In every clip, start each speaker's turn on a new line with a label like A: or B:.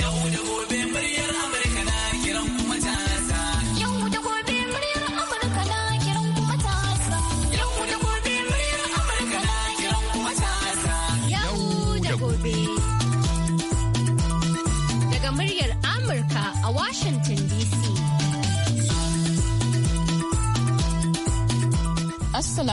A: Yau da gobe.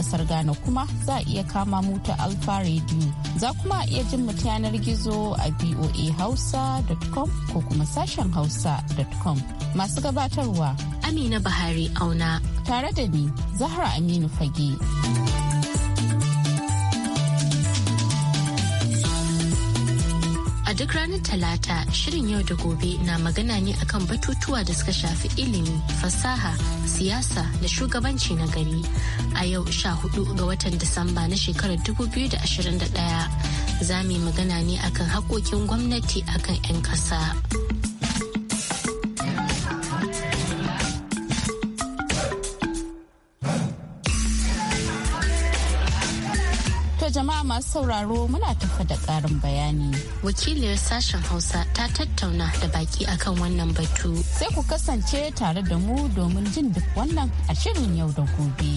A: kasar Ghana kuma za a iya kama mu ta Alfa Radio. Za kuma a iya jin mu yanar gizo a voahausa.com ko kuma sashen hausa.com. Masu gabatarwa
B: Amina Bahari Auna. Tare da ni Zahra Aminu Fage. A duk ranar Talata shirin yau da gobe na magana ne akan batutuwa da suka shafi ilimi, fasaha, siyasa da shugabanci na gari. A yau sha hudu ga watan Disamba na shekarar 2021 za mu yi magana ne akan haƙoƙin gwamnati akan 'yan ƙasa.
A: masu sauraro muna tafa da ƙarin bayani.
B: Wakiliyar sashen Hausa ta tattauna da baki akan wannan batu. Sai ku kasance tare da mu domin jin duk wannan a shirin yau da gobe.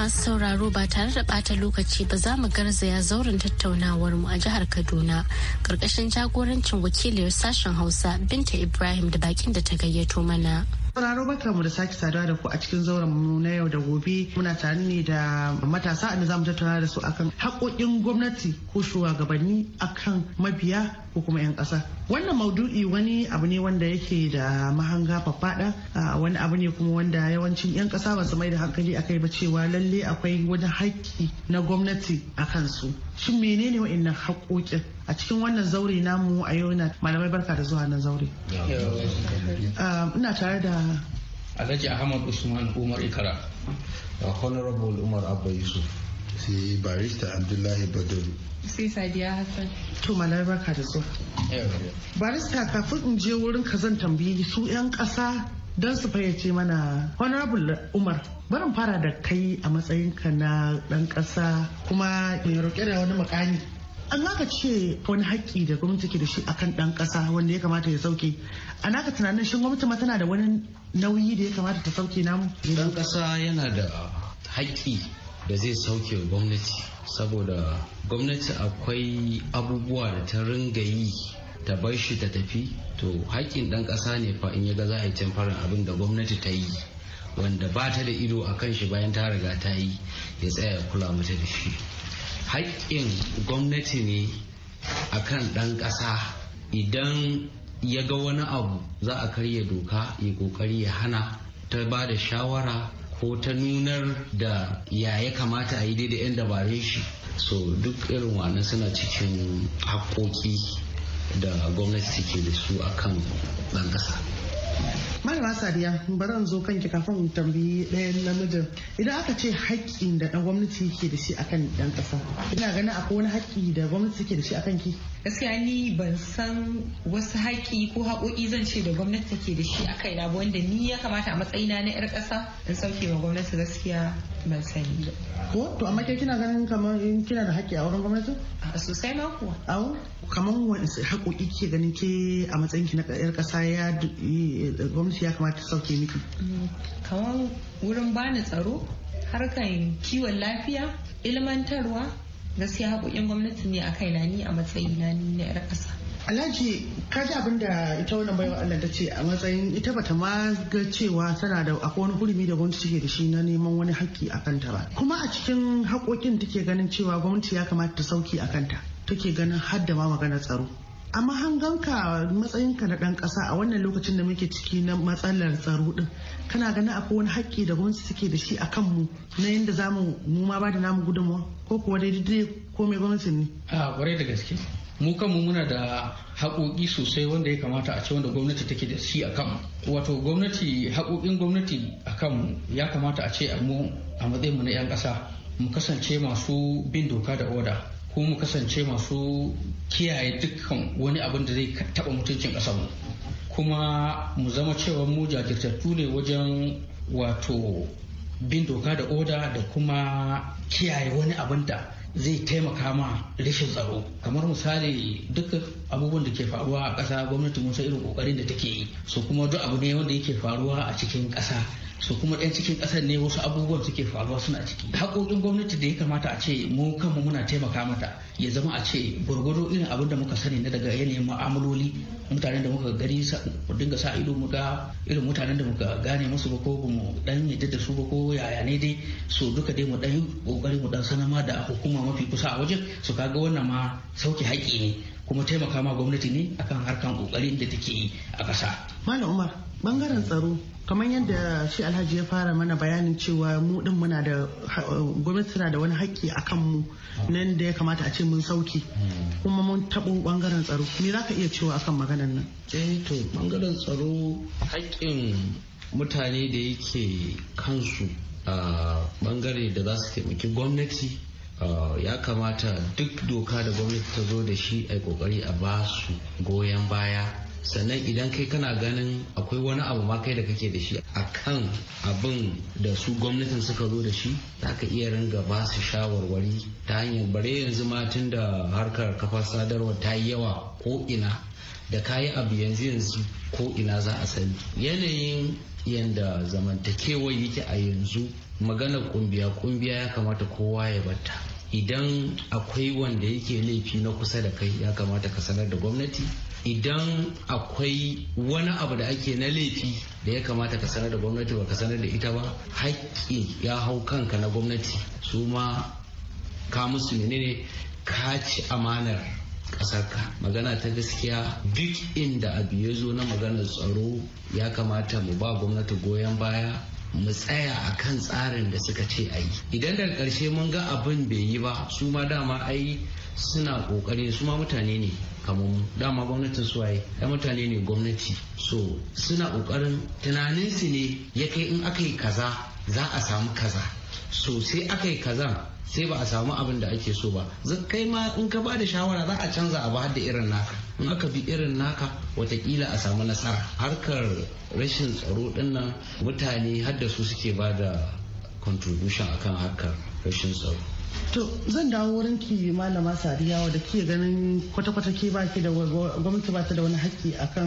B: masu sauraro ba tare da bata lokaci ba za mu garzaya zauren tattaunawar mu a jihar Kaduna karkashin jagorancin wakiliyar sashen Hausa Binta Ibrahim da bakin da ta gayyato mana.
C: Sauraro barka mu da sake saduwa da ku a cikin zauren mu na yau da gobe muna tare ne da matasa inda zamu tattauna da su akan haƙoƙin gwamnati ko shugabanni akan mabiya ko kuma 'yan ƙasa. Wannan maudu'i wani abu ne wanda yake da mahanga faffaɗa wani abu ne kuma wanda yawancin 'yan ƙasa ba su mai da hankali akai ba cewa lalle akwai wani haƙƙi na gwamnati a kansu. Shin menene wa'innan haƙoƙin? a cikin wannan zaure namu a yau na malamai barka da zuwa nan zaure ah, ina tare da
D: alhaji ahmad usman umar ikara
E: honorable umar abba yusuf Si barista abdullahi badaru
C: sai sadiya hassan to malamai barka da zuwa barista kafin in je wurin ka zan tambayi su yan kasa don su fayyace mana honorable umar barin fara da kai a matsayinka na ɗan kasa kuma mai roƙe da wani mukami an aka ce wani haƙƙi da gwamnati ke da shi akan ɗan ƙasa wanda ya kamata ya sauke an aka tunanin shin gwamnati ma tana da wani nauyi da ya kamata ta sauke namu
F: ɗan ƙasa yana da haƙƙi da zai sauke gwamnati saboda gwamnati akwai abubuwa da ta ringa yi ta bar shi ta tafi to haƙƙin ɗan ƙasa ne fa in ya ga za a yi farin abin da gwamnati ta yi wanda ba ta da ido a kan shi bayan ta riga ta yi ya tsaya ya kula mata da shi haƙƙin gwamnati ne akan ɗan ƙasa idan ya ga wani abu za a karya doka ya ƙoƙari ya hana ta ba da shawara ko ta nunar da ya ya kamata a yi daidai 'yan dabarun shi so duk irin wannan suna cikin haƙoƙi da gwamnati ke da su akan ɗan ƙasa
C: malama sadiya bari in zo kanki kafin tambayi ɗayan namijin idan aka ce haƙƙin da ɗan gwamnati yake da shi akan ɗan ƙasa
G: ina ganin akwai wani haƙƙi da gwamnati ke da shi akan ki gaskiya ni ban san wasu haƙƙi ko haƙoƙi zan ce da gwamnati take da shi akan ina ba wanda ni ya kamata a matsayina na 'yar ƙasa in sauke wa gwamnati gaskiya ban sani ba ko to
C: amma ke kina ganin kamar in kina da haƙƙi a wurin gwamnati a sosai ma kuwa Awo. kamar wani haƙoƙi ke ganin ke a matsayin ki na ƙasar ƙasa ya gwamnati ya kamata sauke miki
G: mm, kamar wurin bani tsaro harkan kiwon lafiya ilmantarwa gaskiya haƙoƙin gwamnati ne a kai na ni a na ni na 'yar ƙasa
C: Alhaji kaji abinda abin da ita wannan baiwa Allah ta ce a matsayin ita bata ma ga cewa tana da akwai wani hurumi da gwamnati take da shi na neman wani haƙƙi a kanta ba. Kuma a cikin haƙoƙin take ganin cewa gwamnati ya kamata ta sauki a kanta take ganin har da ma magana tsaro. amma hanganka ka na ɗan ƙasa a wannan lokacin da muke ciki na matsalar tsaro ɗin kana ganin akwai wani haƙƙi da gwamnati take da shi a kanmu na yadda za mu ma ba da namu gudunmawa ko kuwa daidai komai gwamnati ne.
D: a kwarai da gaske mu kanmu muna da haƙoƙi sosai wanda ya kamata a ce wanda gwamnati take da shi a kanmu wato gwamnati haƙoƙin gwamnati a kanmu ya kamata a ce mu a matsayin na 'yan ƙasa mu kasance masu bin doka da oda ko mu kasance masu kiyaye dukkan wani abin da zai taɓa mutuncin ƙasarmu kuma mu zama cewa mu jajirtattu ne wajen wato bin doka da oda da kuma kiyaye wani abin da zai taimaka ma rashin tsaro kamar misali duk abubuwan da ke faruwa a ƙasa gwamnati mun san irin kokarin da take yi su kuma duk abu ne wanda yake faruwa a cikin ƙasa su kuma yan cikin ƙasar ne wasu abubuwan suke faruwa suna ciki haƙoƙin gwamnati da ya kamata a ce mu kanmu muna taimaka mata ya zama a ce gwargwado irin abin da muka sani na daga yanayin ma'amaloli mutanen da muka gani mu dinga sa ido mu ga irin mutanen da muka gane musu ba ko mu dan yadda da su ba ko yaya ne dai su duka dai mu dan kokari mu dan sanama da hukuma mafi kusa a wajen su kaga wannan ma sauke haƙƙi ne kuma taimaka ma gwamnati ne akan harkan kokarin da take yi a ƙasa.
C: Malam Umar bangaren tsaro kamar yadda shi alhaji ya fara mana bayanin cewa mu din muna da gwamnati na da wani haƙƙi a kan mu nan da ya kamata a ce mun sauki kuma mun taɓo bangaren tsaro me za ka iya cewa akan maganan nan eh to bangaren tsaro
A: haƙƙin
F: mutane da yake kansu a bangare da za su taimaki gwamnati Uh, ya kamata duk doka da gwamnati ta zo da shi a kokari a ba su goyon baya sannan idan kai kana ganin akwai wani abu ma kai da kake da shi a kan abin da su gwamnatin suka zo da shi za ka iya ringa ba su shawarwari ta hanyar bare yanzu ma tun da harkar kafar sadarwa ta yi yawa ko ina da kayi abu yanzu yanzu ko ina za a sani yanayin yadda zamantakewar yake a yanzu maganar kumbiya kumbiya ya kamata kowa ya bata idan akwai wanda yake laifi na kusa da kai ya kamata ka sanar da gwamnati idan akwai wani abu da ake na laifi da ya kamata ka sanar da gwamnati ba ka sanar da ita ba haƙƙi ya hau kanka na gwamnati su ma ka musu menene ka ci amanar ƙasarka magana ta gaskiya duk inda abu ya zo na maganar tsaro ya kamata mu ba gwamnati goyon baya mu tsaya a kan tsarin da suka ce a yi idan daga ƙarshe mun ga abin bai yi ba su ma dama ai suna ƙoƙari su ma mutane ne kamar dama gwamnatin su waye ya mutane ne gwamnati so suna ƙoƙarin tunaninsu ne ya kai in aka yi kaza za a samu kaza so sai aka yi kaza sai ba a samu abin da ake so ba kai ma in ka ba da shawara za a canza abu har da irin naka in aka bi irin naka watakila a samu nasara harkar rashin tsaro dinnan mutane har su suke ba da contribution akan harkar rashin tsaro
C: To zan dawo wurin ki malama sadiyawa da ke ganin kwata-kwata ke baki da gwamnati ba ta da wani haƙƙi akan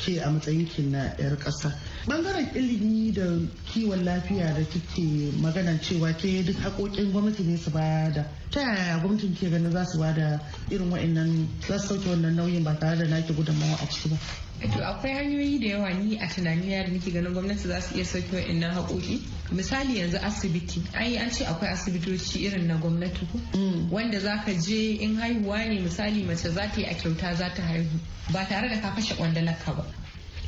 C: ke a matsayin ki na 'yar ƙasa. bangaren ilimi da kiwon lafiya da kike magana cewa ke duk haƙoƙin gwamnati ne su bada ta yaya gwamnatin ke ganin za su da irin wa'annan za su sauke wannan nauyin ba tare da naki gudunmawa a ciki ba
G: to akwai hanyoyi da yawa ni a tunanina da nake ganin gwamnati za su iya sauke wa'annan haƙoƙi misali yanzu asibiti ai an ce akwai asibitoci irin na gwamnati ko mm. wanda ka je in haihuwa ne misali mace za ta yi a kyauta za ta haihu ba tare da ka kashe ka ba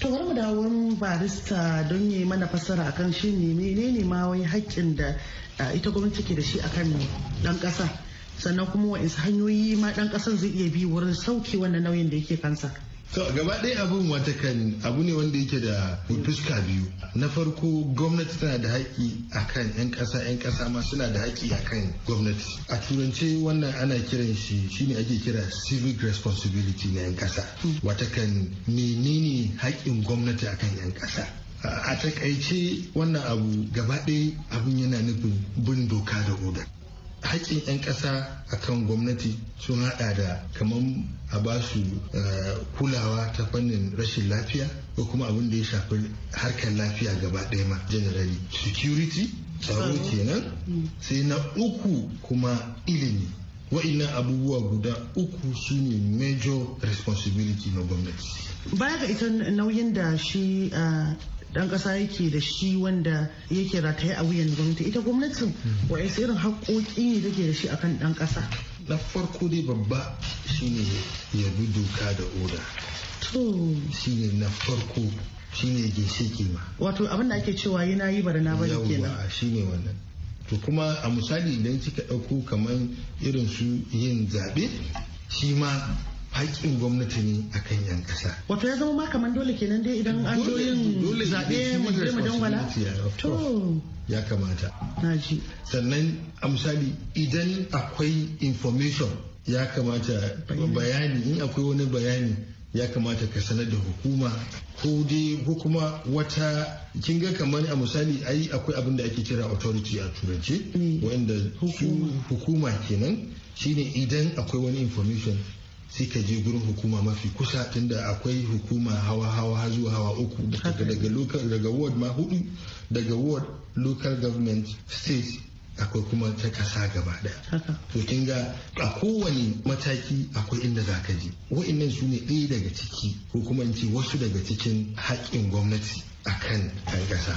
C: to mu dawo wurin barista don yi mana fasara akan shi ne menene ma wai haƙƙin da ita gwamnati ke da shi akan dan ƙasa sannan kuma wa'insu hanyoyi ma dan ƙasan zai iya bi wurin sauke wannan nauyin da
E: yake kansa to gaba ɗaya abin wata abu ne wanda yake da fuska biyu na farko gwamnati tana da haƙƙi akan 'yan ƙasa 'yan ƙasa ma suna da haƙƙi akan gwamnati a turance wannan ana kiran shi shine ake kira civic responsibility na 'yan ƙasa wata kan menene haƙƙin gwamnati akan 'yan ƙasa a takaice wannan abu gaba ɗaya abin yana nufin bin doka da oda haƙƙin 'yan ƙasa a kan gwamnati sun haɗa da kamar a ba su eh, kulawa ta fannin rashin lafiya ko kuma abin da ya shafi harkar lafiya gaba ɗaya ma generally security tsaro kenan mm. sai na uku kuma ilimi wa'ina abubuwa guda uku su ne major responsibility na gwamnati
C: baya ga ita nauyin da shi eh, dan kasa yake da shi wanda yake rataye a wuyan gwamnati ita gwamnatin ya irin haƙoƙi ne
E: take da shi akan dan kasa na farko dai babba shine ya bi doka da oda to shine na farko shine ginshiki ma wato
C: abin da ake cewa yana yi bara na bari kenan
E: shi shine wannan to kuma a misali idan kika dauko kamar irin su yin zabe shi ma haƙƙin gwamnati ne kan yan ƙasa
C: wato ya zama ma kamar dole kenan dai idan an zo yin zaɓe mu je wala
E: to ya kamata naji sannan a misali idan akwai information ya kamata bayani in akwai wani bayani ya kamata ka sanar da hukuma ko dai ko kuma wata kin ga kamar a misali ai akwai abin da ake kira authority a turanci. wanda hukuma kenan shine idan akwai wani information sai ka je gurin hukuma mafi kusa tunda akwai hukuma hawa hawa har zuwa hawa uku daga local daga ward ma hudu daga ward local government state akwai kuma ta kasa gaba daya to kin ga a kowane mataki akwai inda za ka je wa'annan su ne ɗaya daga ciki ko kuma in ce wasu daga cikin haƙƙin gwamnati akan ɗan ƙasa.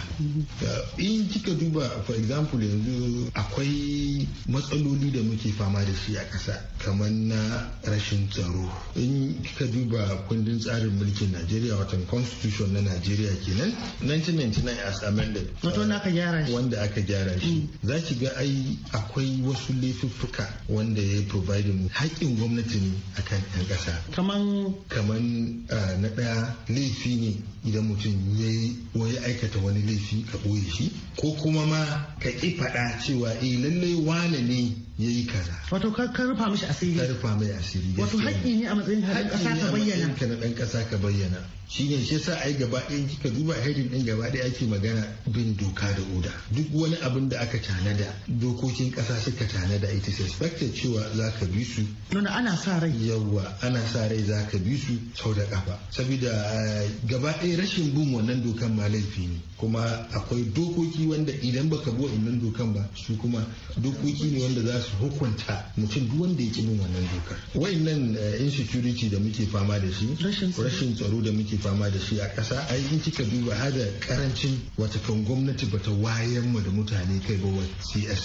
E: In kika duba for example yanzu akwai matsaloli da muke fama da shi a ƙasa kamar na rashin tsaro. In kika duba kundin tsarin mulkin Najeriya watan constitution na Najeriya kenan 1999 as amended. aka gyara shi. Wanda aka gyara shi. Mm. Za ki ga ai akwai wasu laifuffuka wanda ya mu. haƙƙin gwamnati ne akan kan ƙasa. Kaman. Kaman ah, na ɗaya laifi ne idan mutum ya yi wa ya aikata wani laifi ka ɓoye shi ko kuma ma ka ƙi faɗa cewa eh lallai wane ne ya yi kaza. Wato ka rufa mishi asiri. Ka rufa mai asiri. Wato haƙƙi
C: ne a matsayin ɗan ƙasa ka bayyana. Haƙƙi ne a
E: matsayin ɗan ƙasa ka bayyana. Shi ne shi sa yi gaba ɗaya kika duba hedin ɗin gaba ɗaya ake magana bin doka da oda. Duk wani abin da aka tanada dokokin ƙasa suka tanada ita suspected cewa za ka bi su. Nuna ana sa rai. Yawwa ana sa rai za ka bi su sau da ƙafa. Saboda eh, gaba ɗaya rashin bin wannan dokan ma laifi ne. Kuma akwai dokoki wanda idan baka bi wa'innan dokan ba su kuma dokoki ne wanda za su hukunta mutum duk wanda ya ki bin wannan dokar wayannan eh, insecurity da muke fama da shi rashin tsaro da muke fama da shi a ƙasa ai in kika duba hada karancin wata kan gwamnati bata wayar mu da mutane kai ba wa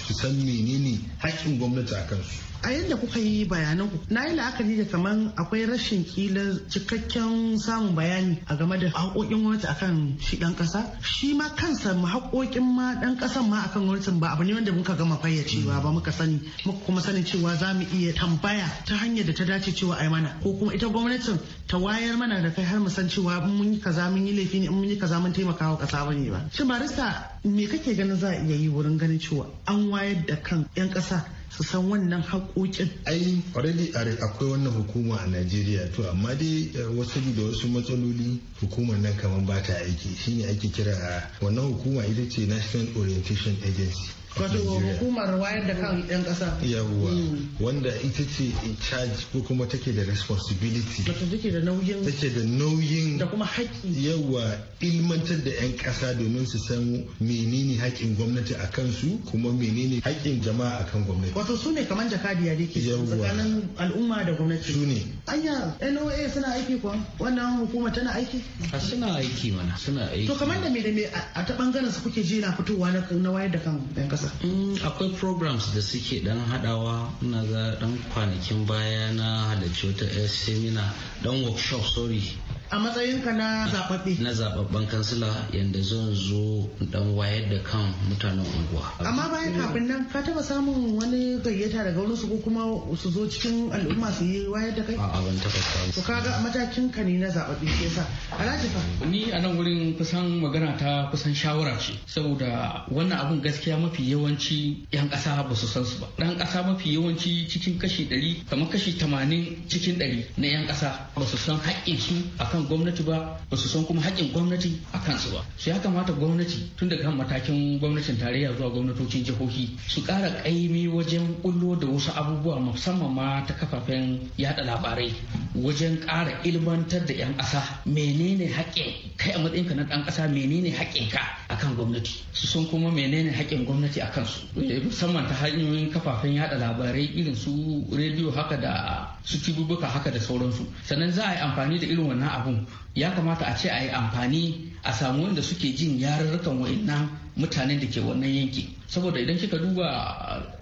E: su san menene haƙƙin gwamnati a kansu
C: a yadda kuka yi bayanan ku na yi la'akari da kaman akwai rashin kila cikakken samun bayani a game da haƙoƙin gwamnati akan shi ɗan ƙasa shi ma kansa haƙoƙin ma ɗan ƙasan ma akan gwamnatin ba abu ne wanda muka gama fayyacewa ba muka sani muka kuma sanin cewa za mu iya tambaya ta hanyar da ta dace cewa yi mana ko kuma ita gwamnatin ta wayar mana da kai har mu san cewa in mun yi kaza mun yi laifi ne in mun yi kaza mun taimaka wa ƙasa ne ba shin barista me kake ganin za a
E: iya yi wurin ganin cewa an wayar da kan 'yan ƙasa su san wannan haƙoƙin. ai already akwai wannan hukuma a najeriya to amma dai eh, wasu da wasu matsaloli hukumar nan kamar ba ta aiki shine ake kira a wannan hukuma ita ce national orientation agency wato hukumar wayar da kan yan kasa yawwa hmm. wanda ita ce in charge ko kuma take da responsibility wato take da nauyin take da nauyin da kuma haƙƙi yawwa ilmantar da yan kasa domin su san menene haƙƙin gwamnati a kansu kuma menene haƙƙin jama'a a kan gwamnati wato su ne kamar jakadiya da ke tsakanin al'umma da gwamnati su ne
C: anya NOA suna aiki kuwa wannan hukuma tana aiki suna aiki mana suna aiki to kamar da me da me a ta bangaren su kuke ji na fitowa na wayar da kan yan kasa haka
F: mm, akwai programs da suke dan hadawa na ga dan kwanakin baya na halarci wata eh, semina dan workshop sorry
C: a matsayinka na
F: zababbe na zababben kansila yadda zan zo dan wayar da kan mutanen unguwa amma bayan kafin
C: nan ka taba samun wani gayyata daga wani su ko kuma su zo cikin al'umma su yi wayar da kai a'a ban taba samu to kaga matakin ka ne na zababbe ke sa. alhaji fa
D: ni a nan wurin kusan magana ta kusan shawara ce saboda wannan abun gaskiya mafi yawanci yan kasa ba su san su ba dan kasa mafi yawanci cikin kashi 100 kamar kashi 80 cikin 100 na yan kasa ba su san haƙƙin su akan akan gwamnati ba ba su san kuma haƙƙin gwamnati a kansu ba su ya kamata gwamnati tun daga matakin gwamnatin tarayya zuwa gwamnatocin jihohi su ƙara ƙaimi wajen ƙullo da wasu abubuwa musamman ma ta kafafen yada labarai wajen ƙara ilmantar da 'yan ƙasa menene haƙƙin kai a matsayinka na ɗan ƙasa menene a akan gwamnati su san kuma menene haƙƙin gwamnati a kansu musamman ta hanyoyin kafafen yada labarai irin su rediyo haka da su cibubuka haka da sauransu sannan za a yi amfani da irin wannan abun ya kamata a ce a yi amfani a samu wanda suke jin yarurrukan wa'annan mutanen da ke wannan yanki saboda idan kika duba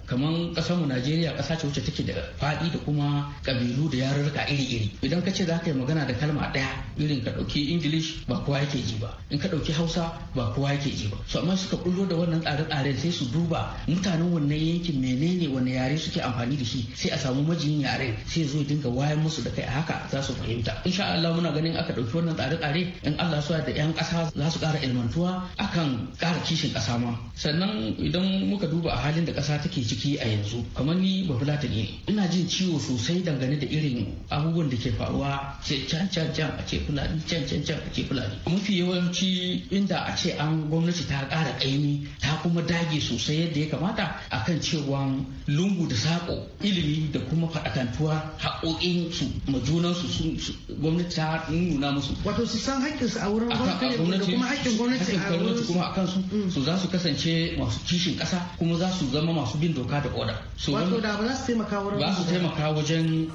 D: kamar kasarmu najeriya kasa ce wacce take da faɗi da kuma kabilu da yarurruka iri-iri idan ka ce za ka yi magana da kalma ɗaya irin ka ɗauki ingilishi ba kowa yake ji ba in ka ɗauki hausa ba kowa yake ji ba su amma suka kullo da wannan tsare-tsare sai su duba mutanen wannan yankin menene wani yare suke amfani da shi sai a samu majiyin yare sai zo dinga wayan musu da kai a haka za su fahimta insha Allah muna ganin aka ɗauki wannan tsare-tsare in Allah suwa da 'yan ƙasa za su ƙara ilmantuwa akan ƙara kishin ƙasa ma sannan idan muka duba a halin da ƙasa take ciki a yanzu kamar ni ba fulata ne ina jin ciwo sosai dangane da irin abubuwan da ke faruwa ce can can can a ce fulani can can can a ce fulani mafi yawanci inda a ce an gwamnati ta ƙara ƙaimi ta kuma dage sosai yadda ya kamata akan cewa lungu da saƙo ilimi da kuma faɗakantuwa haƙoƙin su majunan su gwamnati ta nuna musu wato su san haƙƙinsu a wurin gwamnati da kuma haƙƙin gwamnati a wurin su kuma akan su su za su kasance masu kishi kishin kasa kuma za su zama masu bin doka da oda. Wato da ba za su taimaka wajen. Ba su taimaka wajen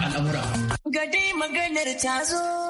D: al'amura.
A: Gade maganar
B: ta zo.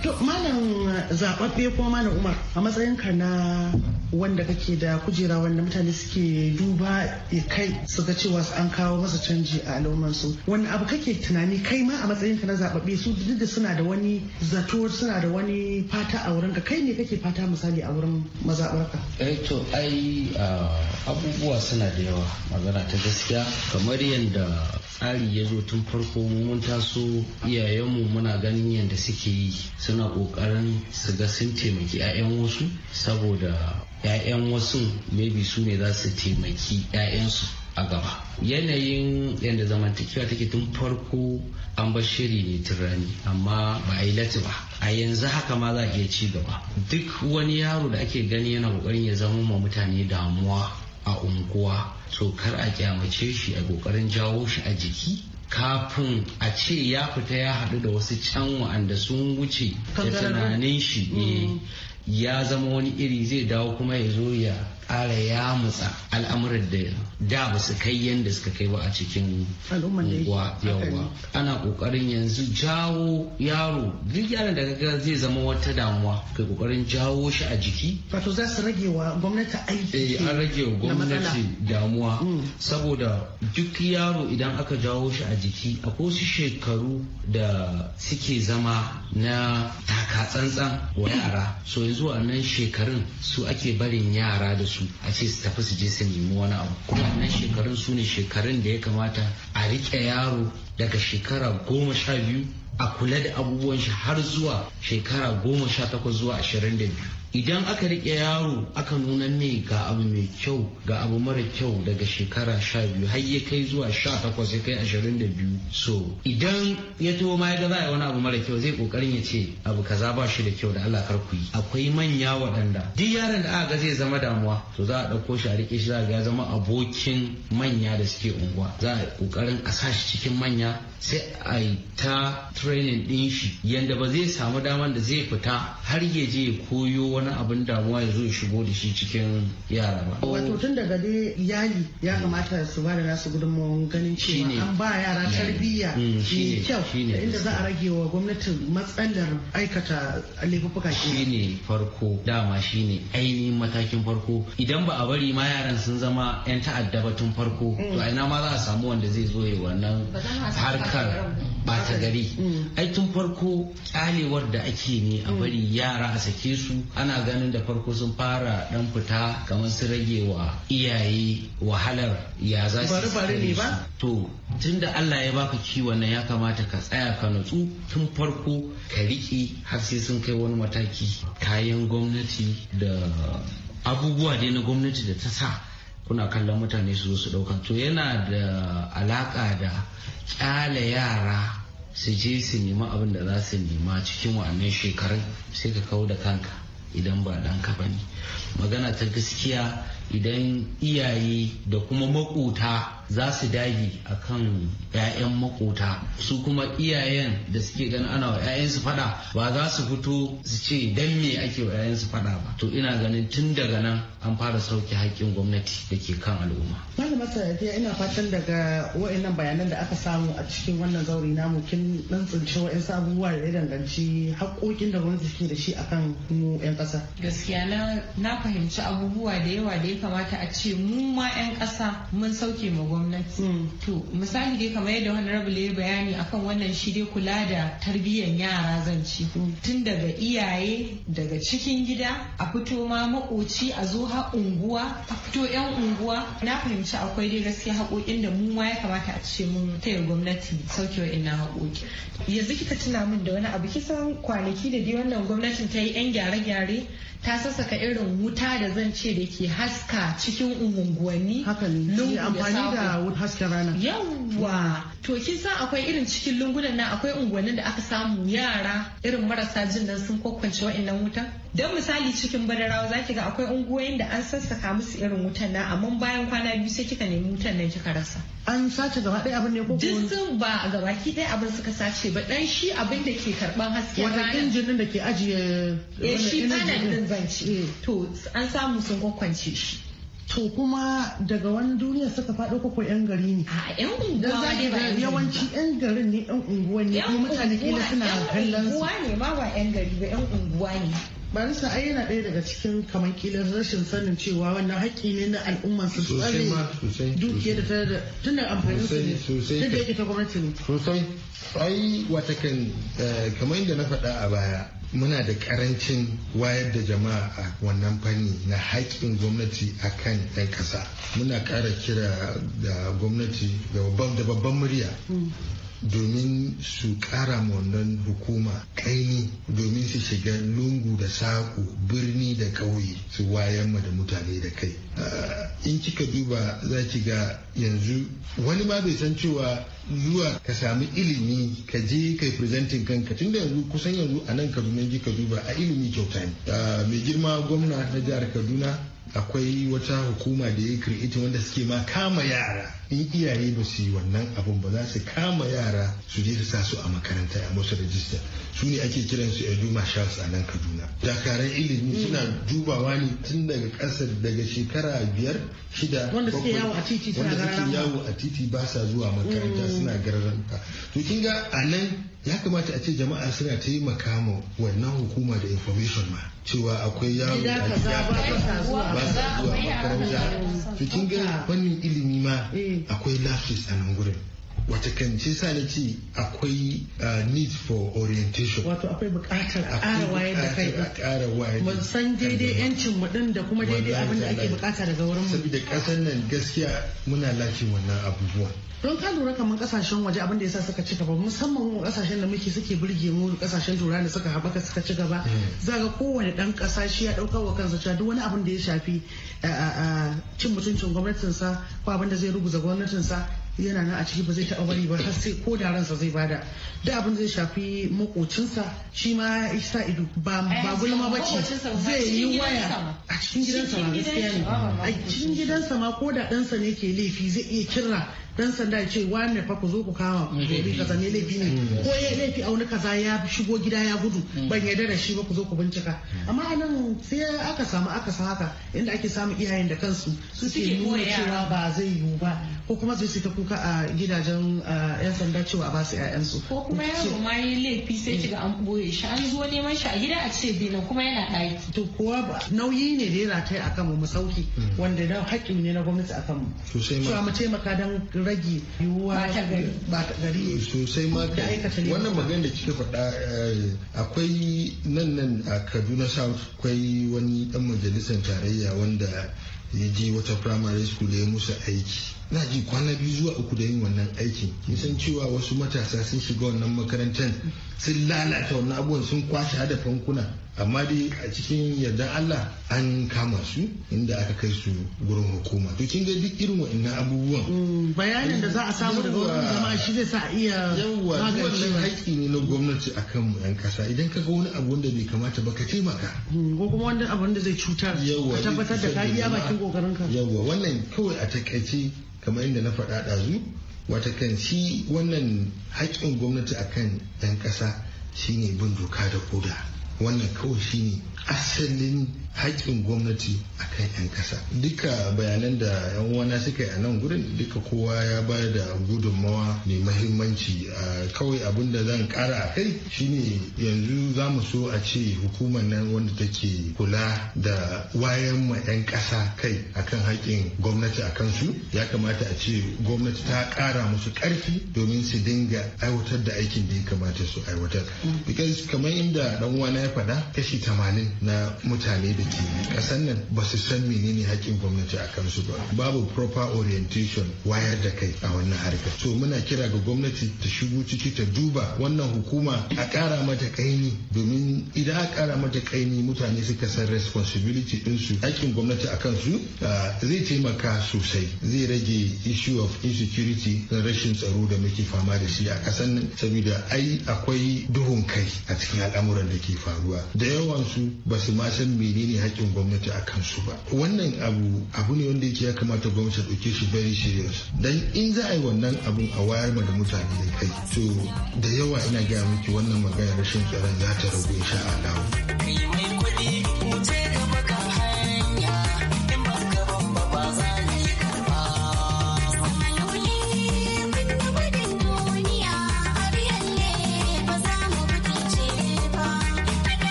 C: To malam uh, zababbe ko malam Umar a matsayinka na wanda kake da kujera wanda mutane suke duba ya kai su ga cewa an kawo masa canji a su. wani abu kake tunani kai ma a matsayin ka na zababbe su duk da suna da wani zato suna da wani fata a wurin ka kai ne kake fata misali a wurin mazabarka
F: eh to ai abubuwa suna da yawa magana ta gaskiya kamar yadda tsari ya zo tun farko mun taso iyayenmu muna ganin yadda suke yi suna kokarin su ga sun taimaki 'ya'yan wasu saboda 'ya'yan wasu maybe su ne za su taimaki 'ya'yansu a gaba yanayin yadda zamantakewa take tun farko an bar shiri ne turani amma ba a yi lati ba a yanzu haka ma za a iya ci gaba duk wani yaro da ake gani yana kokarin ya zama ma mutane damuwa a unguwa so kar a kyamace shi a kokarin jawo shi a jiki kafin a ce ya fita ya haɗu da wasu can wa'anda sun wuce da tunanin shi mm. eh. ya zama wani iri zai dawo kuma ya zo ya ƙara ya musa al'amuran da da ba su kai yadda suka kai ba a cikin unguwa yawwa ana ƙoƙarin yanzu jawo yaro duk yaron da kaga zai zama wata damuwa kai ƙoƙarin jawo shi a jiki wato za su rage wa gwamnati aiki eh, an rage wa gwamnati damuwa mm. saboda duk yaro idan aka jawo shi a jiki akwai wasu shekaru da suke zama na taka tsantsan wa yara so yanzu a nan shekarun su ake barin yara da su a ce su tafi su je su nemi wani abu kuma a nan shekarun su ne shekarun da ya kamata a riƙe yaro daga shekara goma sha biyu a kula da abubuwan shi har zuwa shekara goma sha takwas zuwa ashirin da biyu idan aka rike yaro aka nuna ne ga abu mai kyau ga abu mara kyau daga shekara sha biyu har ya kai zuwa sha takwas ya kai ashirin da biyu so idan ya to ma ya ga za wani abu mara kyau zai kokarin ya ce abu kaza ba shi da kyau da Allah kar ku yi akwai manya waɗanda duk yaron da aka ga zai zama damuwa to za a ɗauko shi a rike shi za ga ya zama abokin manya da suke unguwa za a kokarin a sa shi cikin manya sai a yi ta training ɗin shi yanda ba zai samu damar da zai fita har ya je koyo wani abin damuwa ya zo shigo da shi cikin yara ba. Wato
C: tun daga dai iyali ya mm. kamata su ba da nasu gudunmawar ganin cewa an ba yara mm. tarbiyya mm, mai kyau da inda za a rage wa gwamnatin matsalar
F: aikata laifuffuka ke. Shi ne farko dama shi ne ainihin matakin farko idan ba a bari ma yaran sun zama 'yan ta'adda ba tun farko to ina ma za a samu wanda zai zo ya wannan
D: harkar
F: bata gari. Ai tun farko kyalewar da ake ne a bari yara a sake su ana ana ganin da farko sun fara dan fita kamar su rage wa iyaye wahalar ya za su ne ba to tunda Allah ya baka kiwon nan ya kamata ka tsaya ka nutsu tun farko ka riƙe har sai sun kai wani mataki kayan gwamnati da abubuwa dai na gwamnati da ta sa kuna kallon mutane su zo su dauka to yana da alaka da kyale yara su je su nema abin da za su nema cikin wa'annan shekarun sai ka kawo da kanka idan ba ɗanka ba ne magana ta gaskiya idan iyaye da kuma makota za su dagi kan 'ya'yan makota su kuma iyayen da suke ganin ana wa 'ya'yansu fada ba za su fito su ce dan me ake wa 'ya'yansu fada ba to ina ganin tun daga nan an fara sauke haƙƙin gwamnati da ke kan al'umma
C: malama ina fatan daga wa'annan bayanan da aka samu a cikin wannan zauri namu kin dan tsinci wa'in abubuwa da ya danganci haƙƙoƙin da gwamnati ke da shi akan mu 'yan ƙasa
G: gaskiya na na fahimci abubuwa da yawa da ya kamata a ce mu ma 'yan ƙasa mun sauke ma gwamnati. Mm. To misali dai kamar yadda wani rabu ya bayani akan wannan shi dai kula da tarbiyyar yara zan ci. Mm. Tun daga iyaye daga cikin gida a fito ma makoci a zo ha unguwa a fito 'yan unguwa na fahimci akwai dai gaskiya haƙoƙin da mu ma ya kamata a ce mun taya gwamnati sauke wa ina haƙoƙi. Yanzu kika tuna min da wani abu kisan kwanaki da dai wannan gwamnatin ta yi 'yan gyare-gyare ta sassaka irin wuta da zan ce da ke haska cikin unguwanni lungu amfani da hasken rana yawwa to kin san akwai irin cikin lungunan nan akwai unguwannin da aka samu yara irin marasa jin nan sun kwakwance wa'annan wutan don misali cikin badarawa za ki ga akwai unguwoyin da an sassaka musu irin wutan nan amma bayan kwana biyu sai kika nemi wutan nan kika rasa an sace gaba ɗaya abin ne ko duk sun ba gaba ki ɗaya abin suka sace ba dan shi abin da ke karban hasken rana wanda
C: jinin da ke ajiye eh shi panel din zance
G: eh. to an samu sun
C: kwakwance shi To kuma daga wani duniya suka faɗo koko 'yan gari ne. A 'yan unguwa ne ba Yawanci 'yan garin ne 'yan unguwa ne kuma mutane kila suna kallon su. 'Yan unguwa ne
G: ba ba 'yan gari ba 'yan unguwa ne.
C: barisa ai yana ɗaya daga cikin kamar kilan rashin sanin
E: cewa wannan haƙƙi ne na al'umman su tsare dukiyar da tare da tunan amfanin su ne da yake ta gwamnati ne sosai ai watakan eh, kamar yadda na faɗa a baya muna da karancin wayar da jama'a a wannan fanni na haƙƙin gwamnati a kan 'yan ƙasa muna ƙara kira da gwamnati da babban murya hmm. domin su kara ma wannan hukuma kaini domin su shiga lungu da saƙo birni da ƙauye su wayan ma da mutane da kai ah, in kika duba za ki ga yanzu wani ma bai san cewa zuwa ka sami ilimi ka je kai presenting kanka tunda yanzu kusan yanzu a nan kaduna ji ka duba a ilimi kyauta ne ah, mai girma gwamna na jihar kaduna akwai wata hukuma da ya yi wanda suke ma kama yara in iyaye ba su yi wannan abun ba za su kama yara su je su sa su a makaranta a musu rajista su ne ake kiran su edu marshals a nan kaduna dakaran ilimi suna mm. dubawa ne tun daga kasar daga shekara biyar shida wanda suke yawo a titi suna yawo a titi ba sa zuwa makaranta mm. suna garanta to kin ga a nan ya kamata a ce jama'a suna taimaka ma wannan hukuma da information ma cewa akwai yaro a gida ba sa zuwa makaranta to kin ga fannin ilimi ma eh. akwai lafis a nan gurin wata kan ce sa na ce akwai ah, need for orientation wato akwai bukatar ƙara wayar da kai ƙara wayar san daidai yancin mu din da kuma daidai abin da ake bukata daga wurin mu saboda kasar nan gaskiya muna lafi wannan abubuwan
C: don ka lura kamar kasashen waje abin da yasa suka ci gaba musamman kasashen da muke suke burge mu kasashen tura da suka haɓaka suka ci gaba hmm. za ga kowane ɗan ƙasa shi ya ɗauka wa kansa cewa duk wani abin da ya shafi ah, ah, cin mutuncin gwamnatinsa ko abin da zai rubuta gwamnatinsa yana nan a ciki ba zai taɓa bari ba har sai ko da ransa zai bada da abin zai shafi makocinsa shi ma ya isa ido ba gulma ba ce zai yi waya a cikin gidansa ma gaskiya ne a cikin gidansa ma ko da dansa ne ke laifi zai iya kira dan sanda ya ce ne fa ku zo ku kama mm-hmm. gobe kaza ne laifi ne mm-hmm. ko ya laifi a wani kaza ya shigo gida ya gudu mm-hmm. ban yarda da shi ba ku zo ku bincika amma anan sai aka samu aka san haka inda ake samun iyayen da kansu suke nuna cewa ba zai yiwu ba ko kuma zai ta kuka Ba a gidajen yan sanda cewa ba su su. ko kuma yaro
G: ma yi laifi sai kiga an boye shi an zo neman shi a gida a ce bi nan kuma yana ɗaki to kuwa nauyi ne mm. da ya rataye akan mu
C: sauki wanda na haƙƙin ne na gwamnati akan mu cewa mu taimaka don rage yiwuwa
E: ba ta gari sosai ma wannan magana da kike faɗa eh, akwai nan nan a Kaduna South akwai wani dan majalisar tarayya wanda ya je wata primary school ya musu aiki na ji kwana biyu zuwa uku da yin wannan aikin nisan cewa wasu matasa sun shiga wannan makarantar sun lalata wannan abubuwan sun kwashe hada fankuna amma dai a cikin yarda Allah an kama su inda aka kai su gurin hukuma to kin ga duk irin wa'annan abubuwan mm, bayanin da za a samu daga wurin zama shi zai sa iya yawa wannan haƙƙi ne na gwamnati akan mu yan kasa idan ka ga wani abu wanda bai kamata ba ka taimaka mm, ko kuma wanda abu wanda zai cutar ka tabbatar da ka iya bakin kokarin ka yawa wannan kawai a takaice kamar inda na faɗa ɗazu wata kan shi wannan haƙƙin gwamnati akan ƴan kasa shine bin doka da koda wannan kawai shine asalin haƙƙin gwamnati a kan 'yan ƙasa duka bayanan da 'yan wana suka yi a nan gurin duka kowa ya ba da gudunmawa mai mahimmanci kawai abin da zan ƙara a kai shine yanzu za mu so a ce hukumar nan wanda take kula da wayan ma 'yan ƙasa kai akan haƙƙin gwamnati a kansu ya kamata a ce gwamnati ta ƙara musu ƙarfi domin su dinga aiwatar da aikin da ya kamata su aiwatar mm. because kamar inda ɗan wana ya faɗa kashi tamanin na mutane da ke kasan nan ba su san menene hakkin gwamnati a kansu ba babu proper orientation wayar da kai a wannan harkar so muna kira ga gwamnati ta shigo ciki ta duba wannan hukuma a kara mata kaini domin idan a kara mata kaini mutane suka san responsibility ɗinsu hakkin gwamnati a kansu ah, zai taimaka sosai zai rage issue of insecurity na rashin tsaro da muke fama da shi a kasan nan saboda ai akwai duhun kai a cikin al'amuran da ke faruwa da yawansu. ba su ma san menene haƙƙin gwamnati a kansu ba wannan abu abu ne wanda yake ya kamata gwamnati ɗauke shi very serious dan in za a yi wannan abun a wayar ma da mutane da kai to da yawa ina gaya miki wannan maganar rashin tsaron za ta ragu insha
B: Allah.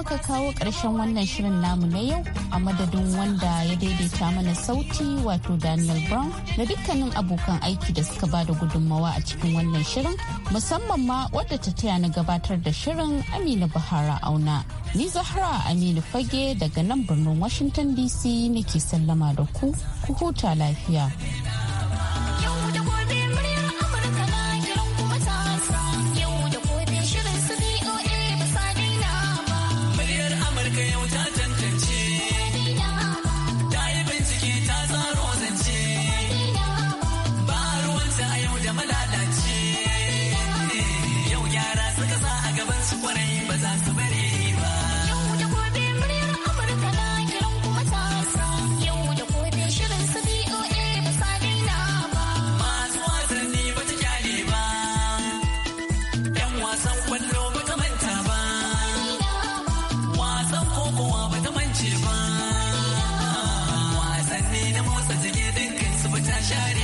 A: muka kawo ƙarshen wannan shirin namu na yau a madadin wanda ya daidaita mana sauti wato Daniel Brown na dukkanin abokan aiki da suka bada gudunmawa a cikin wannan shirin musamman ma wadda ta taya na gabatar da shirin Amina Bahara Auna. Ni Zahra Aminu Fage daga nan birnin Washington DC nake sallama da ku, ku huta lafiya.